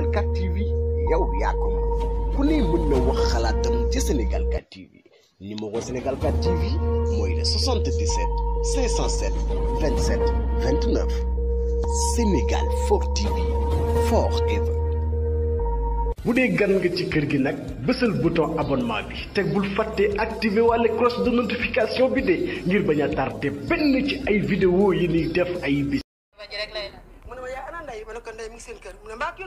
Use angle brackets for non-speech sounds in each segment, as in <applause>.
Sénégal 4 TV yow yakum. ko ku ne mën na wax xalaatam ci Sénégal 4 TV numéro Sénégal 4 TV moy le 77 507 27 29 Sénégal 4 TV forever. bu dee gan nga ci kër gi nag bésal bouton abonnement bi te bul fàtte activer walla cloche de notification bi de ngir bañ a tardé benn ci ay vidéo yi ni def ay bis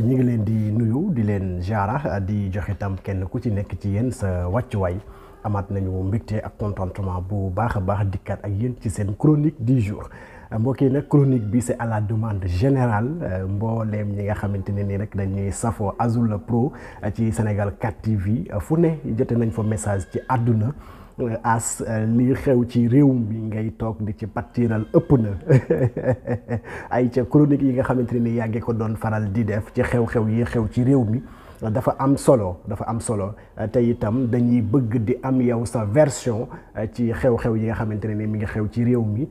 ñu ngi leen di nuyu di leen jaara di joxe itam kenn ku ci nekk ci yéen sa wàccuwaay amaat nañu mbégte ak contentement bu baax a baax dikkaat ak yéen ci seen chronique di jour mbokk yi nag chronique bi c'est à la demande générale mbooleem ñi nga xamante ne nii rek dañuy safoo Azul Pro ci Sénégal 4 TV fu ne jote nañ fa message ci àdduna as eh, li xew ci réew mi ngay toog di ci pattiral ëpp na <laughs> ay ca chronique yi nga xamante ni yàggee ko doon faral di def ci xew-xew yi xew ci réew mi dafa am solo dafa am solo eh, te itam dañuy bëgg di am yow sa version eh, ci xew-xew yi nga xamante ne ni mi ngi xew ci réew mi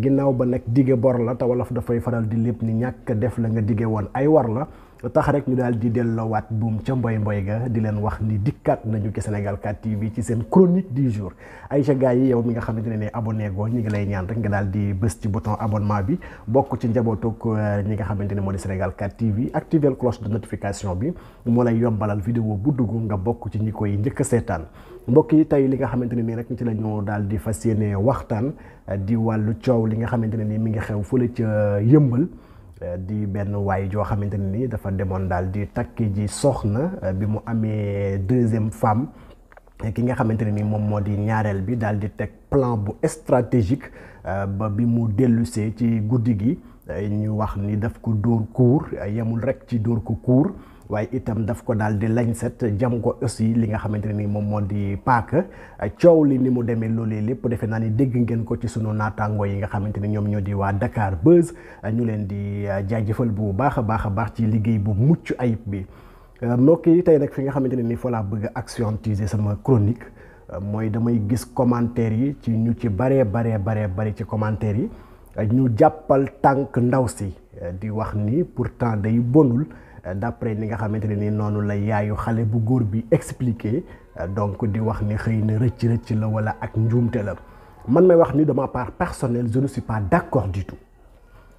ginnaaw ba nag diggee bor la te wolof dafay faral di lépp ni ñàkk def la nga dige woon ay war la tax rek ñu daal di delloowaat buum ca mboy mboy ga di leen wax ni dikkaat nañu ci Sénégal 4 TV ci seen chronique di jour ay gars yi yow mi nga xamante ne ne abonné ñu ngi lay ñaan rek nga daal di bës ci bouton abonnement bi bokk ci njabootuk euh, ñi nga xamante ne moo di Sénégal 4 TV activer cloche de notification bi moo lay yombalal vidéo bu dugg nga bokk ci ñi koy njëkk a seetaan mbokk yi tey li nga xamante ne mii rek ci la ñu daal di fas yéene waxtaan di wàllu coow li nga xamante ne nii mi ngi xew fële ca euh, yëmbal Eh, di benn waay joo xamante ni dafa demoon daal di takki ji soxna eh, bi mu amee deuxième femme eh, ki nga xamante ne ni moom moo di ñaareel bi daal di teg plan bu stratégique ba bi mu dellusee ci guddi gi ñu wax ni daf ko door cour yemul rek ci door ko cour waaye itam daf ko daal di set jam ko aussi li nga xamante a moom moo di coow li ni mu demee loolee lépp defe naa dégg ngeen ko ci sunu yi nga ñoo di Dakar Buzz ñu leen di euh, jaajëfal bu baax a baax a baax ci liggéey bu mucc ayib bi euh, fi nga ni bëgg sama chronique euh, mooy damay gis commentaire yi ci ñu ci baree baree baree bari ci commentaire yi ñu jàppal tànk ndaw di wax ni pourtant day bonul d'après ni nga xamante ne ni nonu la yaayu xalé bu goor bi expliquer donc di wax ni xeyna recc recc la wala ak njuumte la man may wax ni de ma part personnelle je ne suis pas d'accord du tout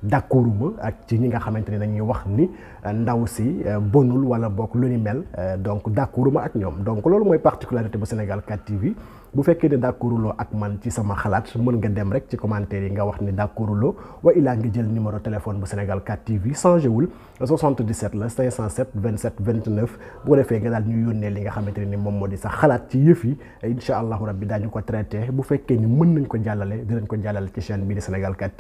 d'accorduma ak ci ñi nga xamante ne dañuy wax ni euh, ndaw si euh, bonul wala bokk lu ni mel euh, donc d'accorduma ak ñoom donc loolu mooy particularité bu Sénégal 4 TV bu fekkee ne d'accorduloo ak man ci sama xalaat mën nga dem rek ci commentaire yi nga wax ni d'accorduloo wa ilaa ngi jël numéro téléphone bu Sénégal 4 TV changé wul 77 la 507 27 29 bu ko defee nga daal ñu yónnee li nga xamante ne ni moom moo di sa xalaat ci yëf yi incha allahu rabbi daañu ko traité bu fekkee ni mën nañ ko jàllale dinañ ko jàllale ci chaîne bii di Sénégal 4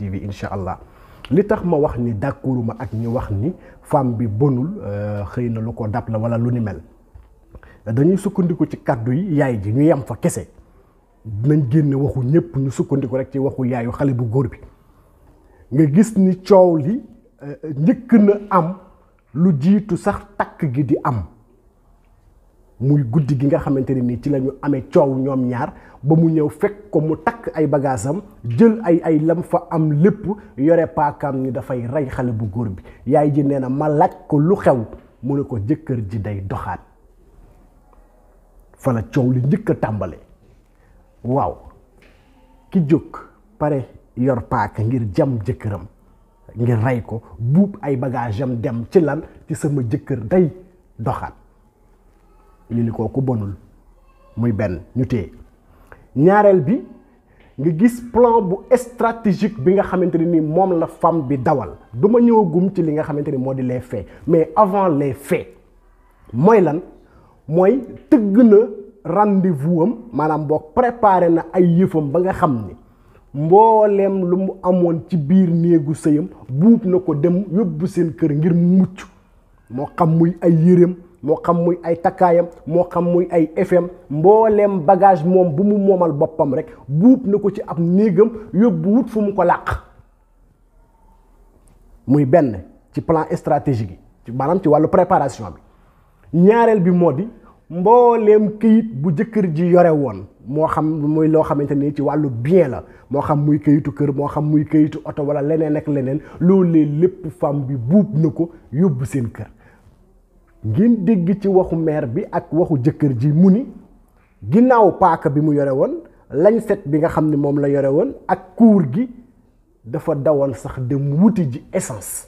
li tax ma wax ni d'accorduma ak ñi wax ni femme bi bonul euh, xëy na lu ko dab la wala lu ni mel dañuy sukkandiku ci kàddu yi yaay ji ñu yem fa kese dinañ génne waxu ñëpp ñu sukkandiku rek ci waxu yaayu xale bu góor bi nga gis ni coow li euh, njëkk na am lu jiitu sax takk gi di am muy guddi gi nga xamante ni nii ci lañu amee coow ñoom ñaar ba mu ñëw fekk ko mu takk ay bagaasam jël ay ay lam fa am lépp yore paakaam ni dafay rey xale bu góor bi yaay ji nee na ma laaj ko lu xew mu ne ko jëkkër ji day doxaat fa coow li njëkk a tàmbale waaw ki jóg pare yor paaka ngir jam jëkkëram ngir rey ko buub ay bagaasam dem ci lan ci sama jëkkër day doxaat lii li kooku bonul muy benn ñu téye ñaareel bi nga gis plan bu stratégique bi nga xamante ne ni moom la femme bi dawal du ma ñëwagum ci li nga xamante ni moo di les faits mais avant les faits mooy lan mooy tëgg na rendez maanaam boo préparé na ay yëfam ba nga xam ni mbooleem lu mu amoon ci biir néegu sëyam buub na ko dem yóbbu seen kër ngir mucc moo xam muy ay yéreem moo xam muy ay takkaayam moo xam muy ay FM mbooleem bagage moom bu mu moomal boppam rek buub na ko ci ab néegam yóbbu wut fu mu ko làq muy benn ci plan stratégique yi ci maanaam ci wàllu préparation bi ñaareel bi moo di mbooleem këyit bu jëkkër ji yore woon moo xam muy loo xamante ni ci wàllu bien la moo xam muy këyitu kër moo xam muy këyitu oto walla leneen ak leneen loolee lépp femme bi buub na ko yóbbu seen kër ngeen dégg ci waxu meer bi ak waxu jëkkër ji mu ni ginnaaw paaka bi mu yore woon lañ set bi nga xam ne moom la yore woon ak kuur gi dafa dawoon sax dem wuti ji essence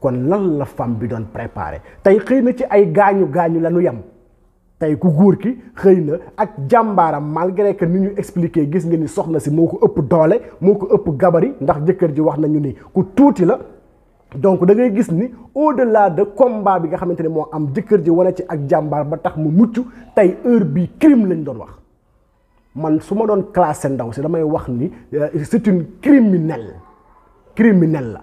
kon lan la femme bi doon préparé tey xëy na ci ay gaañu gaañu la ñu yem tey ku góor ki xëy na ak jàmbaaram malgré que ni ñu expliqué gis nga ni soxna si moo ko ëpp doole moo ko ëpp gabari ndax jëkkër ji wax nañu ni ku tuuti la donc da ngay gis ni au delà de combat bi nga xamanteni ne moo am jëkkër ji wane ci ak jàmbaar ba tax mu mucc tey heure bi crime lañ doon wax man su ma doon classé ndaw si damay wax ni euh, c'est une criminel criminel la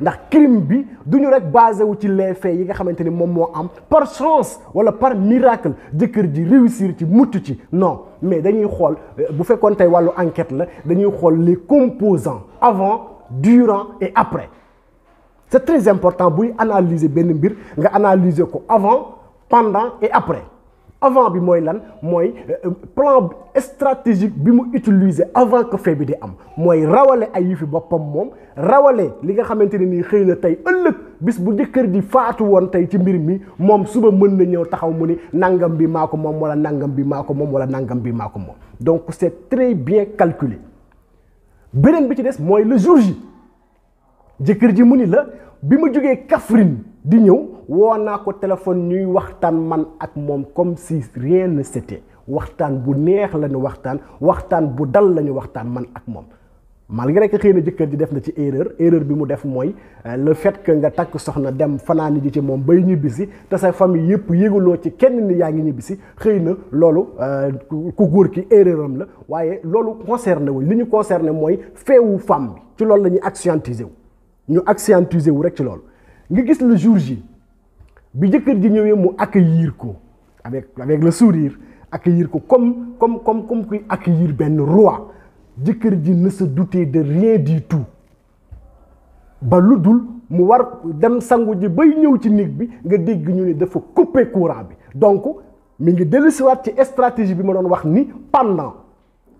ndax crime bi duñu rek basé wu ci les faits yi nga xamante ni moom moo am par chance wala par miracle jëkkër ji réussir ci mucc ci non mais dañuy xool euh, bu fekkoon tey wàllu enquête la dañuy xool les composants avant durant et après c'est très important buy analyser benn mbir nga analyser ko avant pendant et après avant bi moy, lan mooy euh, plan stratégique bi mu utiliser avant que fait bi di am moy rawale ay yëfi boppam moom rawale li nga xamante ne nii xëy na tey ëllëg bis bu jëkkër ji faatu woon tey ci mi mom suba mende na ñëw taxaw mu ni nangam bi maa wala nangam bi maa wala nangam bi mom. donc c'est très bien calculé Benen bi ci des moy le jour J jëkkër ji mu ni la bi ma jógee Kaffrine di ñëw woo naa ko téléphone ñuy waxtaan man ak moom comme si rien ne s'était waxtaan bu neex la ñu waxtaan waxtaan bu dal la ñu waxtaan man ak moom malgré que xëy na jëkkër ji def na ci erreur erreur bi mu def mooy euh, le fait que nga takk soxna dem fanaani ji ci moom bay ñibbisi te sa famille yëpp yëguloo ci kenn ni yaa ngi ñibbisi xëy na loolu euh, ku góor ki erreur am la waaye loolu concerné wuñ li ñu concerné mooy feewu femme bi ci loolu la ñuy wu nous avons rek ci le jour J mu accueillir avec avec le sourire accueillir comme comme comme comme accueillir ben roi ne se doutait de rien du tout ba dem sangu ji bay ñëw ci bi nga dégg ñu dafa couper courant bi donc mi ngi délu ci stratégie bi pendant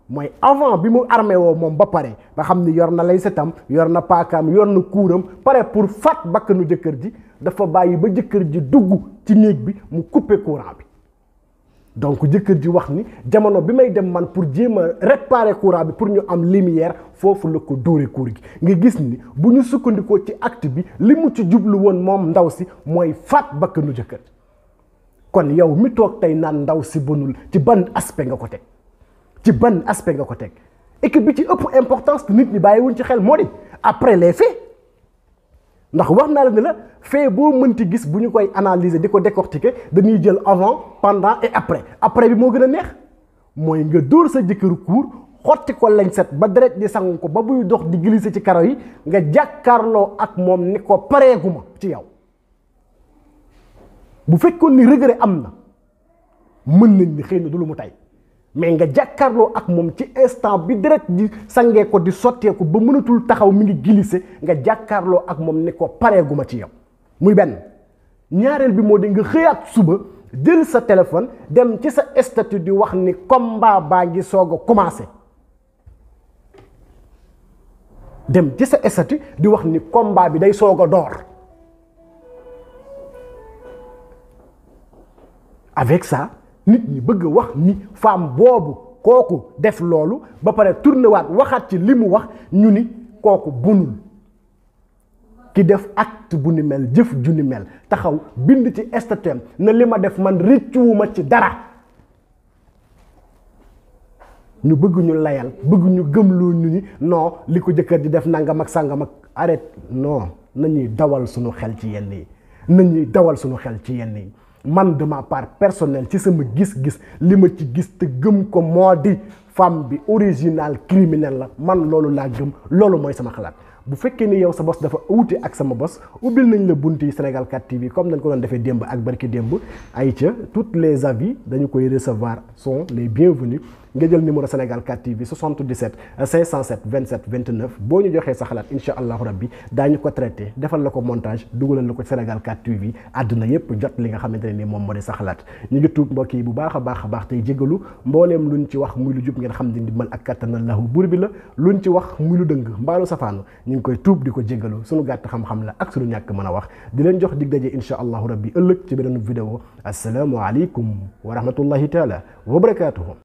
mooy avant bi mu armé woo moom ba pare ba xam ni yor na lay setam yor na paakaam yor na kuuram pare pour faat bakkanu jëkkër ji dafa bàyyi ba jëkkër ji dugg ci néeg bi mu coupé courant bi donc jëkkër ji wax ni jamono bi may dem man pour jéem a réparer courant bi pour ñu am lumière foofu la ko dóore kuur gi nga gis ni bu ñu sukkandikoo ci acte bi li mu ci jublu woon moom ndaw si mooy faat bakkanu jëkkër kon yow mi toog tey naan ndaw si bonul ci ban aspect nga ko ci ban aspect nga ko teg équipe bi ci ëpp importance nit ñi bàyyiwuñ ci xel moo di après les faits ndax wax naa la ne la fait boo mënti gis bu ñu koy analyser di ko décortiquer dañuy jël avant pendant et après après bi moo gën a neex mooy nga dóor sa jëkkëru cour xotti ko lañ set ba deret di sangu ko ba buy dox di glisser ci karaw yi nga jàkkaarloo ak moom ni ko pareeguma ci yow bu fekkoon ni regret am na mën nañ ni xëy na du lu mu tey mais nga jàkkaarloo ak moom ci instant bi direct di sangee ko di sotteeku ba mënatul taxaw mi ngi glissé nga jàkkaarloo ak moom ne ko pareeguma ci yow muy benn ñaareel bi moo di nga xëyaat suba jël sa téléphone dem ci sa statut di wax ni combat baa ngi soog a commencé dem ci sa statut di wax ni combat bi day soog a door avec ça nit ñi bëgg wax ni femme boobu kooku def loolu ba pare tourné waxaat ci li mu wax ñu ni kooku bunul ki def acte bu ni mel jëf ju ni mel taxaw bind ci statut na li ma def man rëccuwuma ci dara ñu bëgg layal bëgguñu gëm gëmloo ñu ni non li ko jëkkër ji def nangam ak sàngam ak noo non nañuy dawal suñu xel ci yenn yi ñuy dawal suñu xel ci yenn yi man de ma part personnelle ci sama gis-gis lima ci gis te gëm ko modi femme bi original criminel la man lolu la gëm lolu moy sama xalat bu fekkee ni yow sa boss dafa outé ak sama boss oubil nañ la bunti senegal 4 TV comme dañ ko don defee demb ak barki demb ay ca toutes les avis dañ koy recevoir sont les bienvenus nga jël numéro Sénégal 4 TV 77 507 27 29 bo ñu joxé sa xalaat incha allahu rabbi dañ ko traité defal lako montage dugulal lako Sénégal 4 TV aduna yépp jot li nga xamanteni ne ni moom moo sa xalaat ñu ngi tuub mbokk yi bu baaxa baaxa baax tay baax mbolém luñ ci wax muy lu jup ngeen xam ne ndimbal ak katana Allah buur bi la luñ ci wax muy lu dëng mbalu safanu ñu ngi koy tuub diko ko sunu suñu gàtt xam-xam la ak suñu ñak mëna wax di leen jox dig daje incha allahu rabbi ëlëk ci beneen vidéo assalamu alaykum wa rahmatullahi taala wa barakatuh